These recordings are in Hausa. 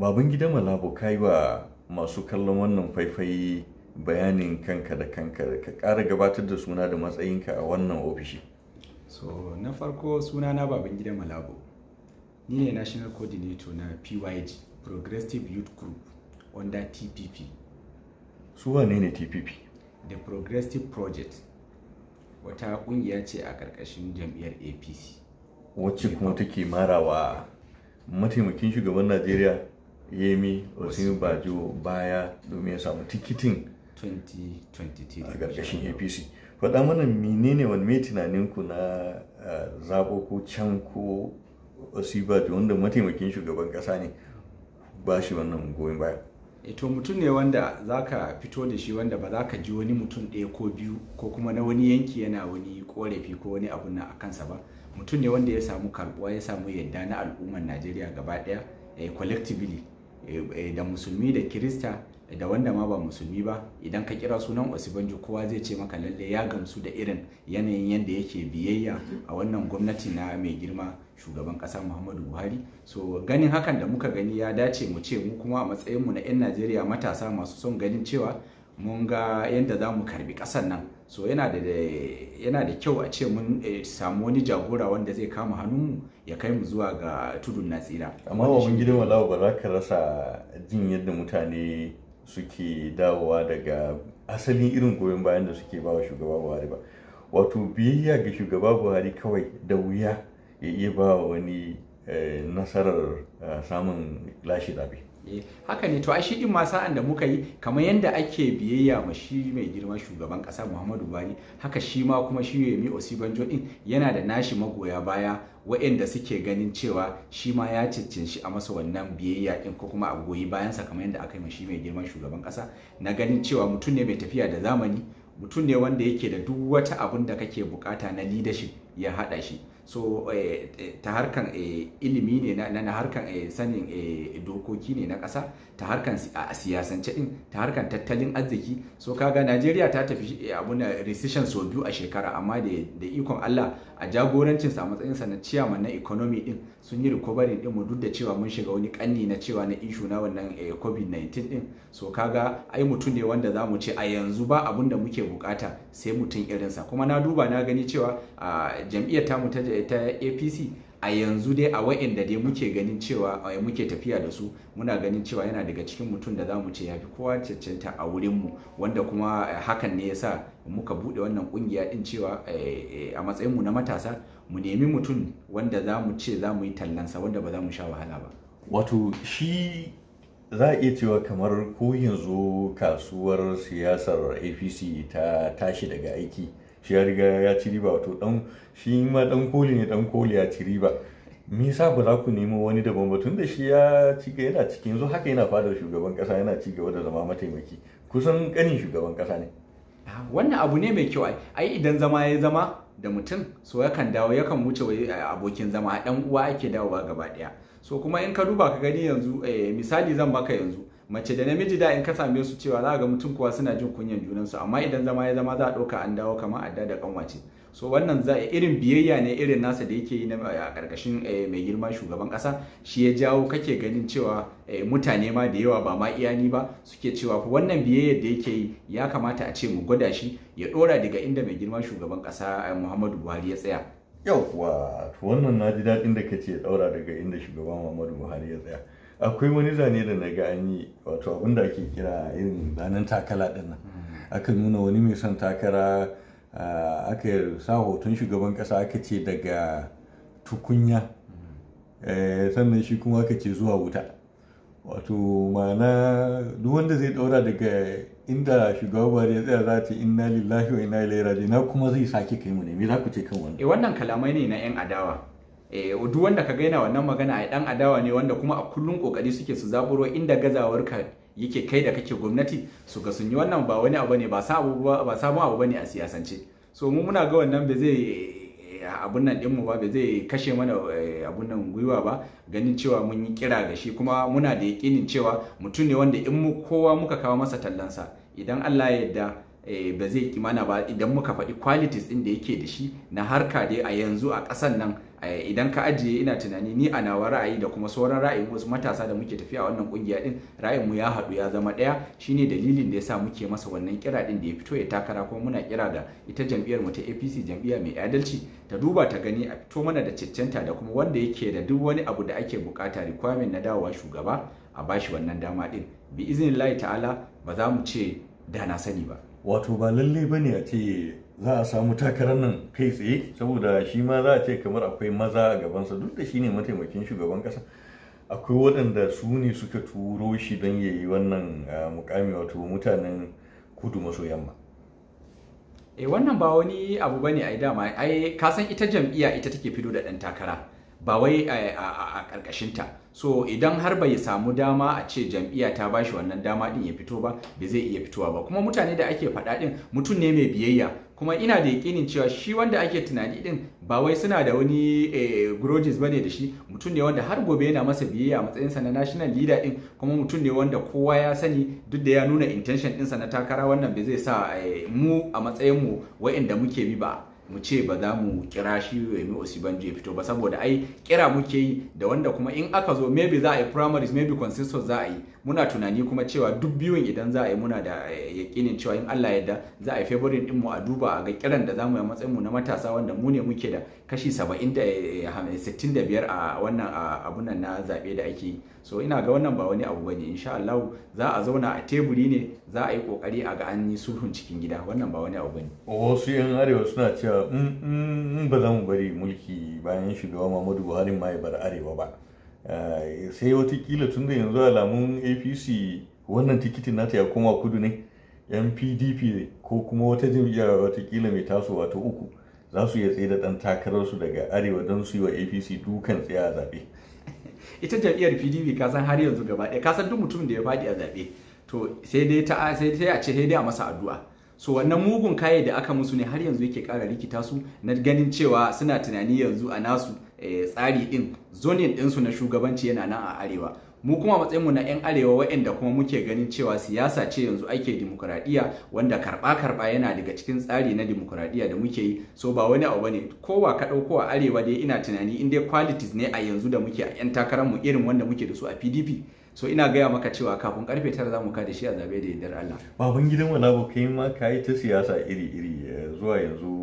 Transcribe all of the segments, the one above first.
baban gida malabo kai wa masu kallon wannan faifai bayanin kanka da kanka ka ƙara gabatar da suna da matsayinka a wannan ofishi so na farko sunana baban gida malabo ni ne national coordinator na pyg progressive youth group under tpp su ne ne tpp the progressive project wata ƙungiya ce a ƙarƙashin jam'iyyar apc wacce kuma take marawa mataimakin shugaban najeriya yemi osin bajo baya domin ya samu tikitin 2023 a gargashin apc faɗa mana menene wani mai tunaninku na zaɓo ko can ko osibajo wanda mataimakin shugaban ƙasa ne ba shi wannan goyon baya eh, to mutum ne wanda za ka fito da shi wanda ba za ka ji wani mutum ɗaya ko biyu ko kuma na wani yanki yana wani korafi ko wani abu na a kansa ba mutum ne wanda ya samu karbuwa ya samu yadda na al'ummar najeriya gaba ɗaya eh, collectively Eh, da musulmi da kirista da wanda ma ba musulmi ba idan ka kira sunan osibanjo kowa zai ce maka lalle ya gamsu da irin yanayin yadda yake biyayya a wannan gwamnati na mai girma shugaban kasa muhammadu buhari so ganin hakan da muka gani ya dace mu ce mu kuma a matsayinmu na 'yan najeriya matasa masu son ganin cewa mun ga yadda za mu karbi ƙasar nan so yana da kyau a ce mun eh, samu wani jagora wanda zai kama mu ya kai mu zuwa ga tudun na tsira amma ba mun gidan walawa ba za ka rasa jin yadda mutane suke dawowa daga asalin irin goyon bayan da suke ba wa shugaba buhari ba wato biyayya ga shugaba buhari kawai da wuya ya iya ba wani eh, nasarar eh, samun lashe zabe Eh, haka ne to ai shi din ma sa'an da muka yi kamar yadda ake biyayya ma shi mai girman shugaban kasa Muhammadu Buhari haka shi ma kuma shi Yemi Osibanjo din yana da nashi magoya baya waɗanda suke ganin cewa shi ma ya cincin shi a masa wannan biyayya din ko kuma a goyi sa kamar yadda aka yi ma shi mai girman shugaban kasa na ganin cewa mutum ne mai tafiya da zamani mutum ne wanda yake da duk wata abun da kake bukata na leadership ya hada shi so eh, eh, ta harkan eh, ilimi ne na harkan sanin dokoki ne na ƙasa ta harkan siyasance din ta harkan tattalin arziki so kaga Najeriya ta tafi abu na recession sau biyu a shekara amma da ikon Allah a jagorancin sa matsayin sa na chairman na economy din sun yi recovery din mu duk da cewa mun shiga wani kanni na cewa na issue na wannan eh, covid-19 din so kaga ai mutum ne wanda zamu ce a yanzu ba abun da muke bukata sai mutum irin sa kuma na duba na gani cewa ah, a ta mu ta APC a yanzu dai a wa'inda dai muke ganin cewa muke tafiya da su muna ganin cewa yana daga cikin mutum da za mu ce ya fi kowa cancanta a wurinmu wanda kuma eh, hakan ne yasa muka buɗe wannan kungiya din cewa eh, eh, a matsayinmu na matasa mu nemi mutum wanda za mu ce za mu yi tallansa wanda ba za mu sha wahala ba wato shi za a iya cewa kamar ko yanzu kasuwar siyasar apc ta tashi daga aiki shi ya riga ya ci riba wato dan shi ma dan koli ne dan koli ya ci riba me yasa ba za ku nemo wani daban ba tunda shi ya ci yana cikin zo haka yana fadar shugaban kasa yana ci gaba da zama mataimaki kusan kanin shugaban kasa ne ah, wannan abu ne mai kyau ai idan zama ya zama da mutum so yakan dawo yakan wuce eh, abokin zama dan uwa ake ba gaba daya so kuma in ka duba ka gani yanzu eh, misali zan baka yanzu mace da namiji da in ka same su cewa za ga mutum kuwa suna jin kunyan junansu amma idan zama ya zama za a ɗauka an dawo kamar adda da kanwace so wannan za irin biyayya ne irin nasa da yake yi eh, a karkashin eh, mai girma shugaban kasa shi ya jawo kake ganin cewa eh, mutane ma da yawa ba ma iyani ba suke cewa wannan biyayyar da yake yi ya kamata a ce mu gwada shi ya dora daga inda mai girma shugaban kasa muhammadu buhari ya tsaya Yau, yauwa wannan na ji daɗin da kace ya daura daga inda shugaban muhammadu buhari ya tsaya akwai wani zane da na ga an yi wato abin da ake kira irin zanen takala dinnan mm. aka nuna wani mai son takara aka sa hoton shugaban kasa aka ce daga tukunya mm. eh, sannan shi kuma aka ce zuwa wuta wato ma'ana duk wanda zai daura daga inda shugaba buhari ya tsaya za ta inna lillahi wa inna ilaihi raji na kuma zai sake kai mu ne me za ku ce kan wannan eh wannan kalamai ne na yan adawa eh duk wanda kaga yana wannan magana ai dan adawa ne wanda kuma a kullun kokari suke su zaburo inda gazawar ka yake kai da kake gwamnati su ga sun yi wannan ba wani abu ne ba sa abu ba bane a siyasance so mu muna ga wannan ba zai eh, abun nan ɗinmu ba zai kashe mana eh, abun nan gwiwa ba ganin cewa mun yi kira ga shi kuma muna da yakinin cewa mutum ne wanda in mu kowa muka kawo masa tallansa idan Allah ya yarda Eh, ba zai kimana ba idan muka faɗi qualities ɗin da yake da shi na harka dai a yanzu a ƙasan nan eh, idan ka ajiye ina tunani ni a nawa ra'ayi da kuma sauran ra'ayin wasu matasa da muke tafiya wannan kungiya din ra'ayin mu ya haɗu ya zama ɗaya shine dalilin da yasa muke masa wannan kira din da ya fito ya takara kuma muna kira da ita jam'iyyar mu ta APC jam'iyya mai adalci ta duba ta gani a fito mana da cancanta da kuma wanda yake da duk wani abu da ake bukata requirement na dawowa shugaba a bashi wannan dama din bi iznillahi ta'ala ba za mu ce da na sani ba wato ba lalle ba ne a ce za a samu takarar nan kai tsaye saboda shi ma za a ce kamar akwai maza a gabansa duk da shi ne mataimakin shugaban ƙasa akwai waɗanda su ne suka turo shi don ya yi wannan mukami wato mutanen kudu maso yamma e wannan ba wani abu a yi dama ai kasan ita jam'iyya ita take fido da ɗan takara ba wai a ƙarƙashinta so idan har bai samu dama a ce jam'iyya ta bashi wannan dama din ya fito ba bai zai iya fitowa ba kuma mutane da ake faɗa din mutum ne mai biyayya kuma ina da yakinin cewa shi wanda ake tunani din ba wai suna da wani eh, grudges bane da shi mutum ne wanda har gobe yana masa biyayya a matsayinsa na national leader din kuma mutum ne wanda kowa ya sani duk da ya nuna intention sa na takara wannan bai zai sa eh, mu a matsayin mu wa'inda muke bi ba mu ce ba za mu kira shi Yemi Osibanjo ya fito ba saboda ai kira muke yi da wanda kuma in aka zo maybe za a yi primaries maybe consensus za a yi muna tunani kuma cewa duk biyun idan za a yi muna da eh, yakinin cewa in Allah yadda za a yi favorin din mu a duba a ga kiran da zamu yi matsayin mu na matasa wanda mu ne muke da kashi 75 da eh, a wannan abun nan na zabe da ake yi so ina ga wannan ba wani abu bane insha Allah za a zauna a teburi ne za a yi kokari a ga an yi sulhun cikin gida wannan ba wani abu bane wasu yan arewa suna cewa in ba za mu bari mulki bayan shugaba muhammadu buhari ma ya bar arewa ba eh, sai watakila tun da yanzu alamun apc wannan tikitin nata ya koma kudu ne yan pdp ko kuma wata jam'iyyar watakila mai tasowa ta uku za su iya tsaye da ɗan takararsu daga arewa don su yi wa apc dukan tsaye a zaɓe ita jam'iyyar pdp ka san har yanzu gaba ɗaya ka san duk mutum da ya faɗi a zaɓe to sai dai ta sai a ce sai dai a masa addu'a so wannan mugun kaye da aka musu ne har yanzu yake kara rikita su na ganin cewa suna tunani yanzu a nasu eh, tsari din zonin ɗinsu na shugabanci yana nan a arewa mu kuma matsayin mu na 'yan arewa waɗanda kuma muke ganin cewa siyasa ce yanzu ake dimokuraɗiyya wanda karɓa-karɓa yana daga cikin tsari na demokradiya da muke yi so ba wani abu bane kowa ka ko a arewa dai ina tunani in dai qualities ne a yanzu da muke a 'yan mu irin wanda muke da su a pdp so ina gaya maka cewa kafin karfe tara zamu kada shi a zabe da yardar Allah baban gidan wala ba kai ma kai ta siyasa iri iri eh, zuwa yanzu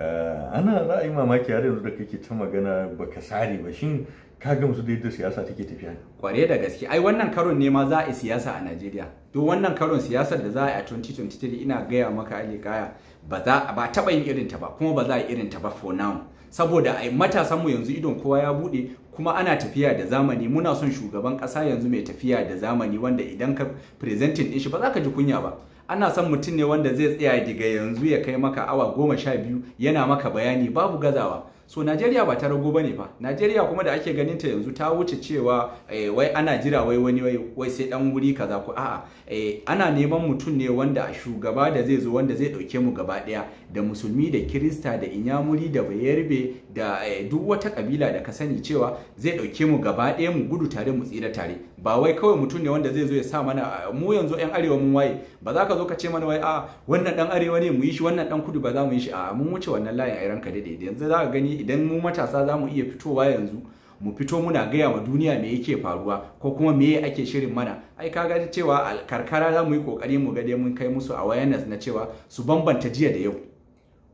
Eh, ana za mamaki har yanzu da kake ta magana baka sare ba shin ka ga da daidai siyasa take tafiya kware da gaske ai wannan karon ne ma za a yi siyasa a Najeriya duk wannan karon siyasar da za a yi a 2023 ina gaya maka Ali Kaya ba za ba taba yin irin ta ba kuma ba za a yi irin ta ba for now saboda ai matasan mu yanzu idon kowa ya bude kuma ana tafiya da zamani muna son shugaban kasa yanzu mai tafiya da zamani wanda idan ka presenting din shi ba za ka ji kunya ba ana son mutum ne wanda zai tsaya daga yanzu ya kai maka awa goma sha biyu yana maka bayani babu gazawa so najeriya ba ta rago ba ne fa najeriya kuma da ake ganin ta yanzu ta wuce cewa eh, wai ana jira wai wani wai sai dan wuri kaza ku. a'a eh, ana neman mutum ne wanda a shugaba da zai zo wanda zai dauke mu gaba daya da musulmi da kirista da inyamuri da bayarbe da eh, duk wata kabila da ka sani cewa zai dauke mu gaba daya mu gudu tare mu tsira tare ba wai kawai mutum ne wanda zai zo ya sa mana mu yanzu yan arewa mun waye ba za ka zo ka ce mana wai a ah, wannan dan arewa ne mu yi shi wannan dan kudu ba za mu yi shi a mun wuce wannan layin a ranka daidai yanzu za ka gani idan mu matasa za mu iya fitowa yanzu mu fito muna gaya wa duniya me yake faruwa ko kuma me ake shirin mana ai kaga cewa karkara za mu yi kokari mu ga dai mun kai musu awareness na cewa su bambanta jiya da yau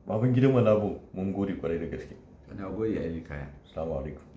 baban gidan malabo mun gode kwarai da gaske na gode ya kaya assalamu alaikum